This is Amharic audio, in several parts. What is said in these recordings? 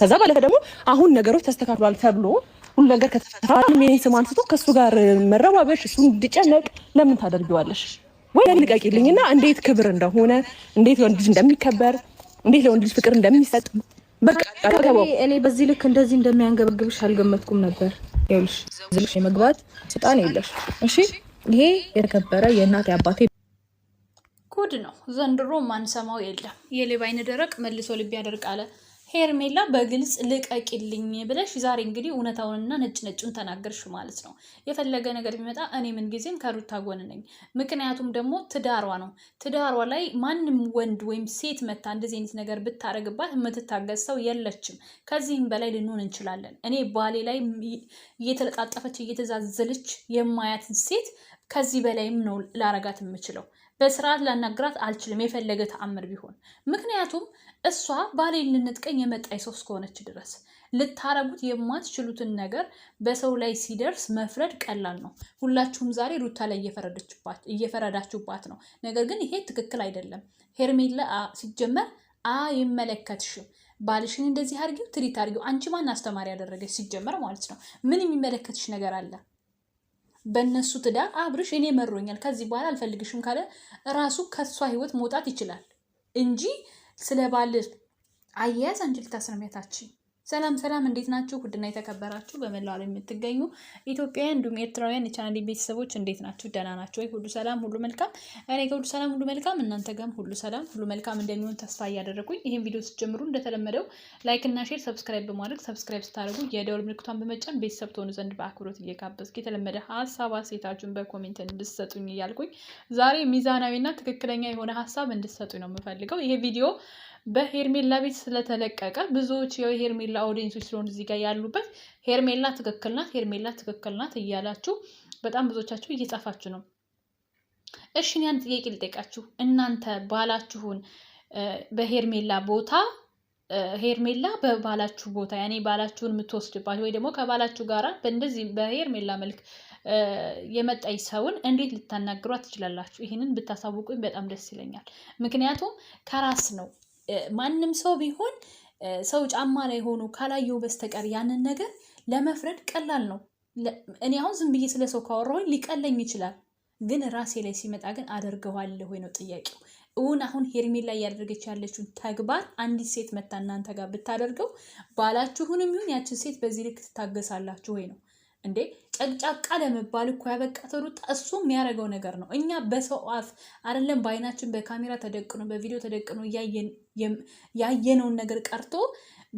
ከዛ ባለፈ ደግሞ አሁን ነገሮች ተስተካክሏል ተብሎ ሁሉ ነገር ከተፈታ የኔ ስም አንስቶ ከእሱ ጋር መረባበሽ እሱ እንድጨነቅ ለምን ታደርጊዋለሽ? ወይ ልቀቂልኝና እንዴት ክብር እንደሆነ እንዴት ለወንድ ልጅ እንደሚከበር እንዴት ለወንድ ልጅ ፍቅር እንደሚሰጥ እኔ በዚህ ልክ እንደዚህ እንደሚያንገበግብሽ አልገመትኩም ነበር። ይኸውልሽ ዝልሽ የመግባት ስልጣን የለሽ። እሺ ይሄ የተከበረ የእናት አባቴ ኮድ ነው። ዘንድሮ ማንሰማው የለም። የሌባ አይነ ደረቅ መልሶ ልብ ያደርቅ አለ። ሄርሜላ በግልጽ ልቀቂልኝ ብለሽ ዛሬ እንግዲህ እውነታውንና ነጭ ነጩን ተናገርሽ ማለት ነው። የፈለገ ነገር ቢመጣ እኔ ምንጊዜም ከሩታ ጎን ነኝ። ምክንያቱም ደግሞ ትዳሯ ነው። ትዳሯ ላይ ማንም ወንድ ወይም ሴት መታ እንደዚህ አይነት ነገር ብታደረግባት የምትታገዝ ሰው የለችም። ከዚህም በላይ ልንሆን እንችላለን። እኔ ባሌ ላይ እየተለጣጠፈች እየተዛዘለች የማያትን ሴት ከዚህ በላይም ነው ላረጋት የምችለው። በስርዓት ላናግራት አልችልም፣ የፈለገ ተአምር ቢሆን። ምክንያቱም እሷ ባሌን ልንጥቀኝ የመጣይ ሰው እስከሆነች ድረስ ልታረጉት የማትችሉትን ነገር በሰው ላይ ሲደርስ መፍረድ ቀላል ነው። ሁላችሁም ዛሬ ሩታ ላይ እየፈረዳችሁባት ነው። ነገር ግን ይሄ ትክክል አይደለም። ሄርሜላ ሲጀመር አይመለከትሽም። ባልሽን እንደዚህ አርጊው፣ ትሪት አርጊው። አንቺ ማን አስተማሪ ያደረገች ሲጀመር ማለት ነው? ምን የሚመለከትሽ ነገር አለ? በእነሱ ትዳር አብርሽ እኔ መሮኛል፣ ከዚህ በኋላ አልፈልግሽም ካለ ራሱ ከእሷ ህይወት መውጣት ይችላል እንጂ ስለ ባል አያያዝ አንቺ ልታስረሚያታችን ሰላም ሰላም፣ እንዴት ናችሁ? ውድና የተከበራችሁ በመላው ዓለም የምትገኙ ኢትዮጵያውያን እንዲሁም ኤርትራውያን የቻናሌ ቤተሰቦች እንዴት ናችሁ? ደህና ናችሁ ወይ? ሁሉ ሰላም፣ ሁሉ መልካም። እኔ ከሁሉ ሰላም፣ ሁሉ መልካም፣ እናንተ ጋርም ሁሉ ሰላም፣ ሁሉ መልካም እንደሚሆን ተስፋ እያደረኩኝ ይህን ቪዲዮ ስትጀምሩ እንደተለመደው ላይክ እና ሼር፣ ሰብስክራይብ በማድረግ ሰብስክራይብ ስታደርጉ የደውል ምልክቷን በመጫን ቤተሰብ ትሆኑ ዘንድ በአክብሮት እየጋበዝኩ የተለመደ ሀሳብ አስተያየታችሁን በኮሜንት እንድትሰጡኝ እያልኩኝ ዛሬ ሚዛናዊና ትክክለኛ የሆነ ሀሳብ እንድትሰጡኝ ነው የምፈልገው ይሄ ቪዲዮ በሄርሜላ ቤት ስለተለቀቀ ብዙዎች የሄርሜላ ኦዲየንሶች ስለሆኑ እዚህ ጋር ያሉበት ሄርሜላ ትክክል ናት፣ ሄርሜላ ትክክል ናት እያላችሁ በጣም ብዙዎቻችሁ እየጻፋችሁ ነው። እሺ እኔ አንድ ጥያቄ ልጠይቃችሁ። እናንተ ባላችሁን በሄርሜላ ቦታ ሄርሜላ በባላችሁ ቦታ ያኔ ባላችሁን የምትወስድባት ወይ ደግሞ ከባላችሁ ጋራ በእንደዚህ በሄርሜላ መልክ የመጣይ ሰውን እንዴት ልታናግሯት ትችላላችሁ? ይህንን ብታሳውቁኝ በጣም ደስ ይለኛል። ምክንያቱም ከራስ ነው ማንም ሰው ቢሆን ሰው ጫማ ላይ ሆኖ ካላየው በስተቀር ያንን ነገር ለመፍረድ ቀላል ነው። እኔ አሁን ዝም ብዬ ስለ ሰው ካወራሁኝ ሊቀለኝ ይችላል፣ ግን ራሴ ላይ ሲመጣ ግን አደርገዋለሁ ወይ ነው ጥያቄው። እውን አሁን ሄርሜላ ላይ እያደረገች ያለችውን ተግባር አንዲት ሴት መታ እናንተ ጋር ብታደርገው ባላችሁንም ይሁን ያችን ሴት በዚህ ልክ ትታገሳላችሁ ወይ ነው? እንዴ ጨቅጫቃ ለመባል እኮ ያበቃት ሩታ እሱ የሚያደርገው ነገር ነው። እኛ በሰው አፍ አይደለም በአይናችን በካሜራ ተደቅኖ በቪዲዮ ተደቅኖ ያየነውን ነገር ቀርቶ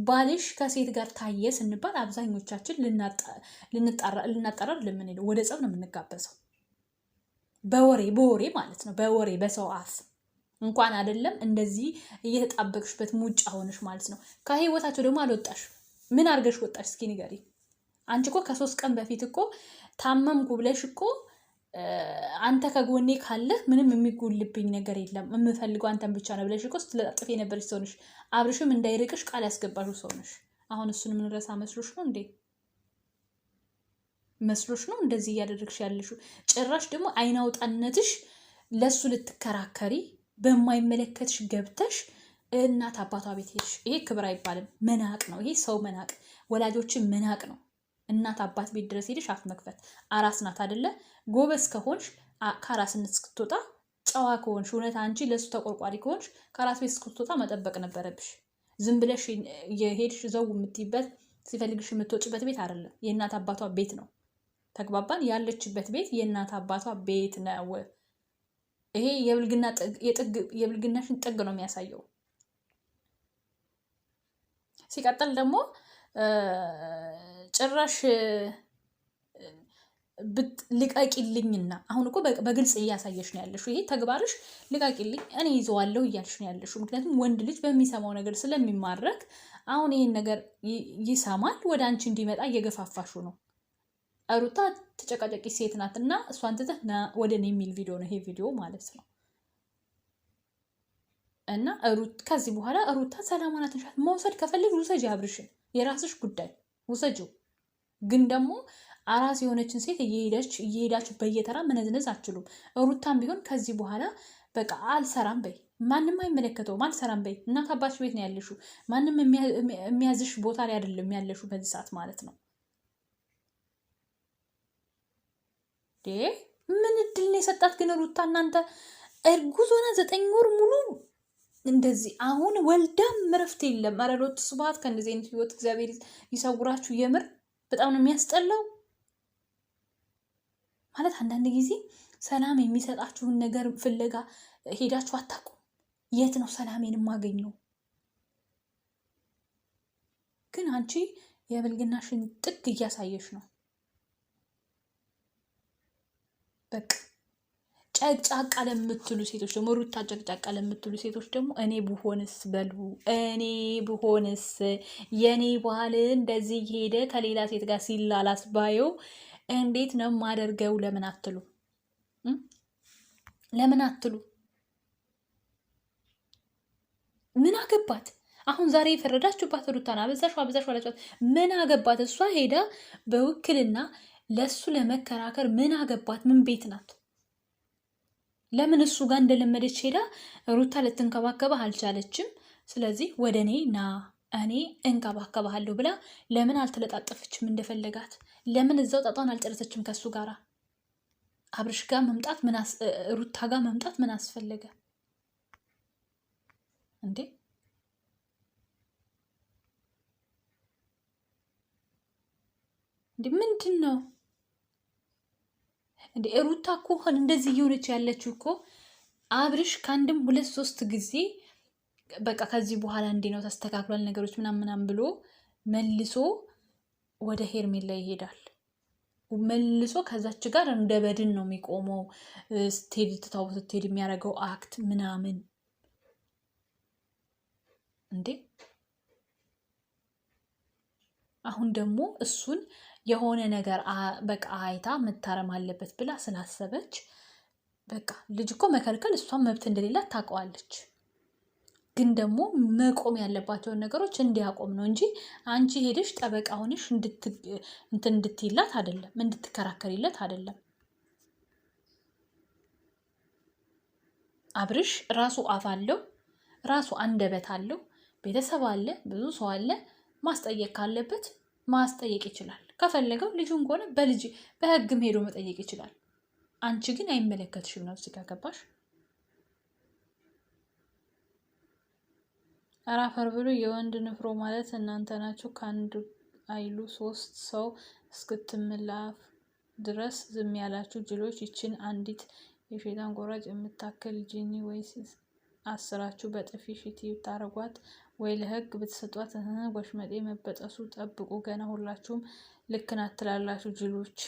ባልሽ ከሴት ጋር ታየ ስንባል አብዛኞቻችን ልናጠራር ልምንሄደው ወደ ጸብ ነው የምንጋበዘው። በወሬ በወሬ ማለት ነው በወሬ በሰው አፍ እንኳን አይደለም እንደዚህ እየተጣበቅሽበት ሙጫ ሆነሽ ማለት ነው። ከህይወታቸው ደግሞ አልወጣሽ። ምን አድርገሽ ወጣሽ? እስኪ ንገሪ። አንቺ እኮ ከሶስት ቀን በፊት እኮ ታመምኩ ብለሽ እኮ አንተ ከጎኔ ካለህ ምንም የሚጎልብኝ ነገር የለም የምፈልገው አንተን ብቻ ነው ብለሽ እኮ ስትለጣጥፍ የነበረች ሰው ነሽ። አብርሽም እንዳይርቅሽ ቃል ያስገባሹ ሰው ነሽ። አሁን እሱን የምንረሳ መስሎሽ ነው እንዴ? መስሎሽ ነው እንደዚህ እያደረግሽ ያለሽው? ጭራሽ ደግሞ አይናውጣነትሽ ለእሱ ልትከራከሪ በማይመለከትሽ ገብተሽ እናት አባቷ ቤት ሄድሽ። ይሄ ክብር አይባልም፣ መናቅ ነው። ይሄ ሰው መናቅ፣ ወላጆችን መናቅ ነው። እናት አባት ቤት ድረስ ሄደሽ አፍ መክፈት አራስ ናት አደለ? ጎበዝ ከሆንሽ ከአራስነት እስክትወጣ ጨዋ ከሆንሽ እውነት አንቺ ለእሱ ተቆርቋሪ ከሆንሽ ከአራስ ቤት እስክትወጣ መጠበቅ ነበረብሽ። ዝም ብለሽ የሄድሽ ዘው የምትይበት ሲፈልግሽ የምትወጭበት ቤት አይደለም፣ የእናት አባቷ ቤት ነው። ተግባባን። ያለችበት ቤት የእናት አባቷ ቤት ነው። ይሄ የብልግናሽን ጥግ ነው የሚያሳየው። ሲቀጥል ደግሞ ጭራሽ ልቀቂልኝና አሁን እኮ በግልጽ እያሳየሽ ነው ያለሽው። ይሄ ተግባርሽ ልቀቂልኝ፣ እኔ ይዘዋለሁ እያልሽ ነው ያለሽው። ምክንያቱም ወንድ ልጅ በሚሰማው ነገር ስለሚማረክ አሁን ይህን ነገር ይሰማል፣ ወደ አንቺ እንዲመጣ እየገፋፋሹ ነው። ሩታ ተጨቃጨቂ ሴት ናት እና እሷን ትተህ ወደ እኔ የሚል ቪዲዮ ነው ይሄ ቪዲዮ ማለት ነው። እና ከዚህ በኋላ ሩታ ሰላማናትንሻት መውሰድ ከፈለግሽ ውሰጅ፣ አብርሽን የራስሽ ጉዳይ ውሰጅው። ግን ደግሞ አራስ የሆነችን ሴት እየሄደች እየሄዳችሁ በየተራ መነዝነዝ አችሉም። ሩታም ቢሆን ከዚህ በኋላ በቃ አልሰራም በይ፣ ማንም አይመለከተውም፣ አልሰራም በይ። እናት አባትሽ ቤት ነው ያለሹ፣ ማንም የሚያዝሽ ቦታ ላይ አይደለም ያለሹ በዚህ ሰዓት ማለት ነው። ምን እድል ነው የሰጣት ግን ሩታ? እናንተ እርጉዝ ሆና ዘጠኝ ወር ሙሉ እንደዚህ አሁን ወልዳም እረፍት የለም። ኧረ ሎት ስብሐት ከእንደዚህ አይነት ህይወት እግዚአብሔር ይሰውራችሁ የምር በጣም ነው የሚያስጠላው። ማለት አንዳንድ ጊዜ ሰላም የሚሰጣችሁን ነገር ፍለጋ ሄዳችሁ አታውቁም። የት ነው ሰላሜን የማገኘው? ግን አንቺ የብልግናሽን ጥግ እያሳየሽ ነው በቃ ጨቅጫቃ ለምትሉ ሴቶች ደግሞ ሩታ ጨቅጫቃ ለምትሉ ሴቶች ደግሞ እኔ ብሆንስ በሉ እኔ ብሆንስ የኔ ባህል እንደዚህ ሄደ ከሌላ ሴት ጋር ሲላላስ ባየው እንዴት ነው ማደርገው? ለምን አትሉ? ለምን አትሉ? ምን አገባት? አሁን ዛሬ የፈረዳችሁባት ሩታን አበዛሽ አበዛሽ አላችኋት። ምን አገባት? እሷ ሄዳ በውክልና ለሱ ለመከራከር ምን አገባት? ምን ቤት ናት? ለምን እሱ ጋር እንደለመደች ሄዳ ሩታ ልትንከባከበህ አልቻለችም። ስለዚህ ወደ እኔ ና እኔ እንከባከባሃለሁ ብላ ለምን አልተለጣጠፈችም? እንደፈለጋት ለምን እዛው ጣጣን አልጨረሰችም? ከእሱ ጋራ አብርሽ ጋር መምጣት ሩታ ጋር መምጣት ምን አስፈለገ እንዴ? ምንድን ነው? እንደ ሩታ እኮ እንደዚህ እየሆነች ያለችው እኮ አብርሽ ከአንድም ሁለት ሶስት ጊዜ በቃ ከዚህ በኋላ እንዴ ነው ተስተካክሏል ነገሮች ምናም ምናም ብሎ መልሶ ወደ ሄርሜላ ይሄዳል። መልሶ ከዛች ጋር እንደ በድን ነው የሚቆመው። ስትሄድ ትታው ስትሄድ የሚያደርገው አክት ምናምን እንዴ አሁን ደግሞ እሱን የሆነ ነገር በቃ አይታ መታረም አለበት ብላ ስላሰበች በቃ ልጅ እኮ መከልከል እሷን መብት እንደሌላት ታውቀዋለች። ግን ደግሞ መቆም ያለባቸውን ነገሮች እንዲያቆም ነው እንጂ አንቺ ሄደሽ ጠበቃ ሆነሽ እንትን እንድትይላት አይደለም፣ እንድትከራከሪለት አይደለም። አብርሽ ራሱ አፍ አለው፣ ራሱ አንደበት አለው፣ ቤተሰብ አለ፣ ብዙ ሰው አለ። ማስጠየቅ ካለበት ማስጠየቅ ይችላል። ከፈለገው ልጁን ከሆነ በልጅ በህግም ሄዶ መጠየቅ ይችላል። አንቺ ግን አይመለከትሽም ነው እዚህ ገባሽ? አራፈር ብሎ የወንድ ንፍሮ ማለት እናንተ ናችሁ። ከአንድ አይሉ ሶስት ሰው እስክትምላፍ ድረስ ዝም ያላችሁ ጅሎች፣ ይችን አንዲት የሸይጣን ቆራጭ የምታክል ጂኒ ወይስ አስራችሁ በጥፊ ሽቲ ታረጓት። ወይ ለህግ ብትሰጧት ወሽመጤ መበጠሱ ጠብቁ። ገና ሁላችሁም ልክ ናት ትላላችሁ ጅሎች።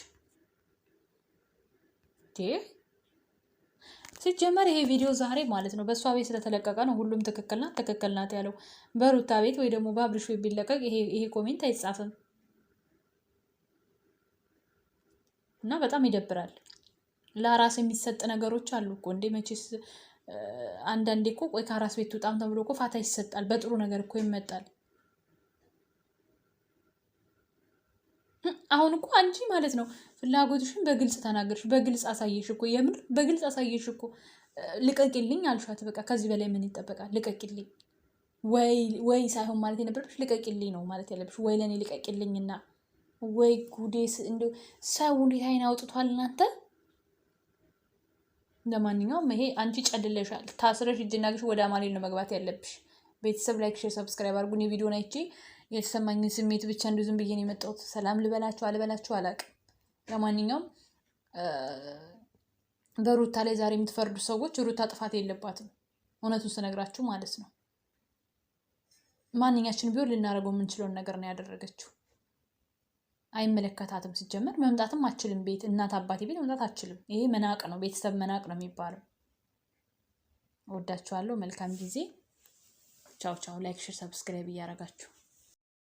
ሲጀመር ይሄ ቪዲዮ ዛሬ ማለት ነው በእሷ ቤት ስለተለቀቀ ነው ሁሉም ትክክል ናት ትክክል ናት ያለው። በሩታ ቤት ወይ ደግሞ በአብርሽ ቤት ቢለቀቅ ይሄ ኮሜንት አይጻፍም እና በጣም ይደብራል። ለራስ የሚሰጥ ነገሮች አሉ እኮ እንዴ መቼስ አንዳንዴ እኮ ቆይ ከአራስ ቤት ውጣም ተብሎ እኮ ፋታ ይሰጣል። በጥሩ ነገር እኮ ይመጣል። አሁን እኮ አንቺ ማለት ነው ፍላጎትሽን በግልጽ ተናገርሽ፣ በግልጽ አሳየሽ እኮ የምር በግልጽ አሳየሽ እኮ። ልቀቂልኝ አልሻት። በቃ ከዚህ በላይ ምን ይጠበቃል? ልቀቂልኝ ወይ ሳይሆን ማለት የነበረብሽ ልቀቂልኝ ነው ማለት ያለብሽ። ወይ ለእኔ ልቀቂልኝና ወይ ጉዴስ እንዲ ሰው እንዴት አይን አውጥቷል እናንተ ለማንኛውም ይሄ አንቺ ጨልለሻል፣ ታስረሽ እጅና ወደ አማሌ ነው መግባት ያለብሽ። ቤተሰብ ላይክ፣ ሼር፣ ሰብስክራይብ አድርጉን። የቪዲዮን አይቼ የተሰማኝን ስሜት ብቻ እንዲሁ ዝም ብዬ የመጣሁት። ሰላም ልበላችሁ አልበላችሁ አላቅም። ለማንኛውም በሩታ ላይ ዛሬ የምትፈርዱ ሰዎች ሩታ ጥፋት የለባትም። እውነቱን ስነግራችሁ ማለት ነው። ማንኛችን ቢሆን ልናደርገው የምንችለውን ነገር ነው ያደረገችው። አይመለከታትም። ሲጀመር መምጣትም አችልም። ቤት እናት አባቴ ቤት መምጣት አችልም። ይሄ መናቅ ነው፣ ቤተሰብ መናቅ ነው የሚባለው። ወዳችኋለሁ። መልካም ጊዜ። ቻው ቻው። ላይክ፣ ሽር፣ ሰብስክራይብ እያረጋችሁ